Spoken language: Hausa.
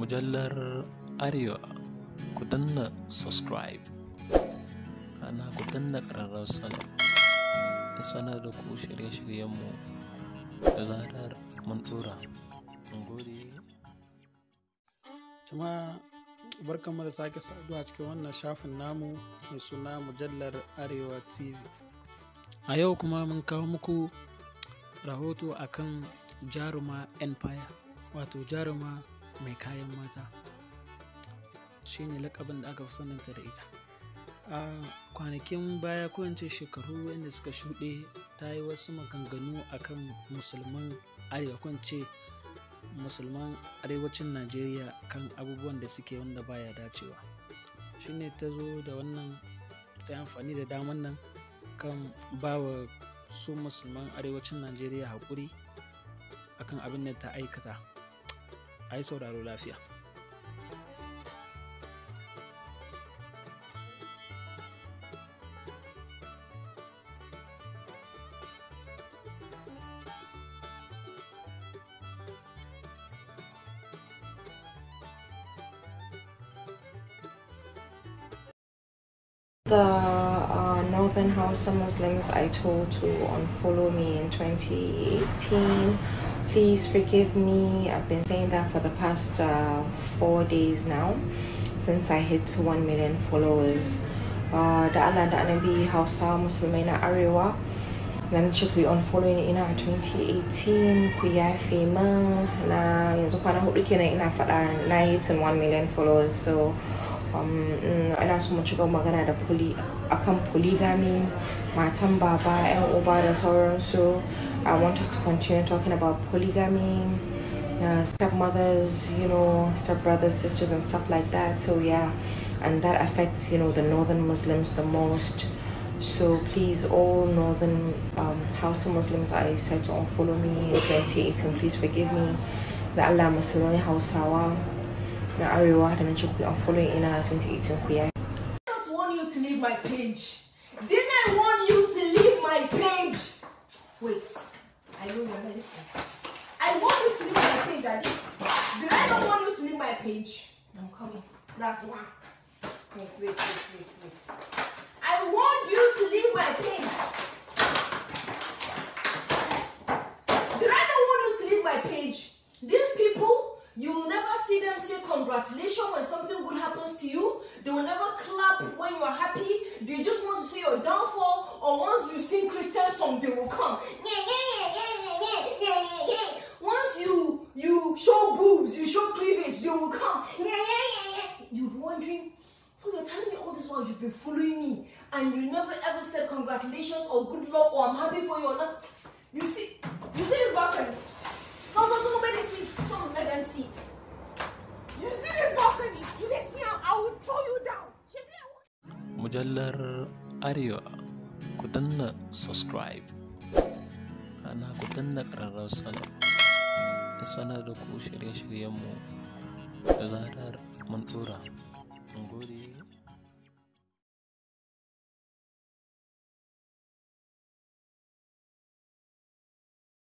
mujallar Arewa ku danna subscribe ana ku danna ƙararrawar sanar da sanar da ku shirye-shiryenmu da zarar mun ɗora. gode. Jama'a mu da sake saduwa cikin wannan shafin namu mai suna mujallar Arewa TV. A yau kuma mun kawo muku rahoto akan Jaruma Empire wato Jaruma mai kayan mata shine lakabin da aka fi saninta da ita a kwanakin baya ko shekaru wanda suka shuɗe ta yi wasu maganganu kan musulman arewa ko ce musulman arewacin najeriya kan abubuwan da suke wanda baya dacewa shine ta zo da wannan ta amfani da daman nan kan bawa su musulman arewacin najeriya haƙuri akan abin da ta aikata a yi sauraro lafiya. the North and Hausa Muslims I told to unfollow me in 2018. Please forgive me. I've been saying that for the past uh, four days now since I hit 1 million followers. Uh, the Allah da Anabi Hausa Musulmai na Arewa. then ce be unfollowing in 2018 ku yafe min na yanzu kwana hudu kena ina faɗa na hit 1 million followers so ana um, mm, so mu ci gaba magana da poly akan polygamy matan baba yan uba da sauransu i want us to continue talking about polygamy uh, stepmothers you know stepbrothers sisters and stuff like that so yeah and that affects you know the northern muslims the most so please all northern um, house muslims i said to unfollow me in 2018 please forgive me the allah muslim hausawa na arewa da na ce ku a following our uh, 2018 ku I don't want you to leave my page. Didn't I want you to leave my page? Wait, I know not listening. I want you to leave my page, Daddy. Did I not want you to leave my page? I'm coming. That's one. Wait, wait, wait, wait, wait. I want you to leave my page. congratulation when something good happens to you. They will never clap when you are happy. They just want to see your downfall. Or once you sing Christian song, they will come. Once you you show boobs, you show cleavage, they will come. You're wondering. So you're telling me all this while you've been following me, and you never ever said congratulations or good luck or I'm happy for you or not. You see, you see this back. No, no, no, let me see. No. mujallar Arewa ku danna subscribe ana ku danna ƙararrawar sanarwa da sanar da ku shirye-shiryenmu da zarar mun ɗora. gode.